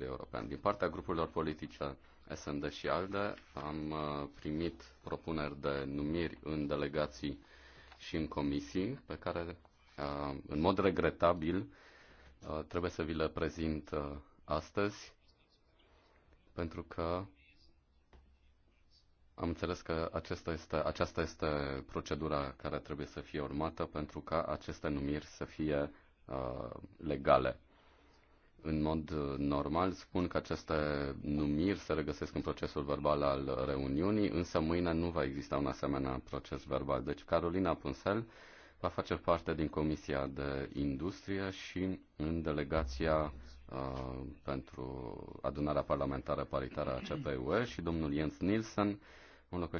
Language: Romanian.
European. Din partea grupurilor politice SND și ALDE am uh, primit propuneri de numiri în delegații și în comisii pe care, uh, în mod regretabil, uh, trebuie să vi le prezint astăzi pentru că am înțeles că aceasta este, aceasta este procedura care trebuie să fie urmată pentru ca aceste numiri să fie uh, legale în mod uh, normal spun că aceste numiri se regăsesc în procesul verbal al reuniunii, însă mâine nu va exista un asemenea proces verbal. Deci Carolina Punsel va face parte din Comisia de Industrie și în delegația uh, pentru adunarea parlamentară paritară a CPUE și domnul Jens Nielsen, un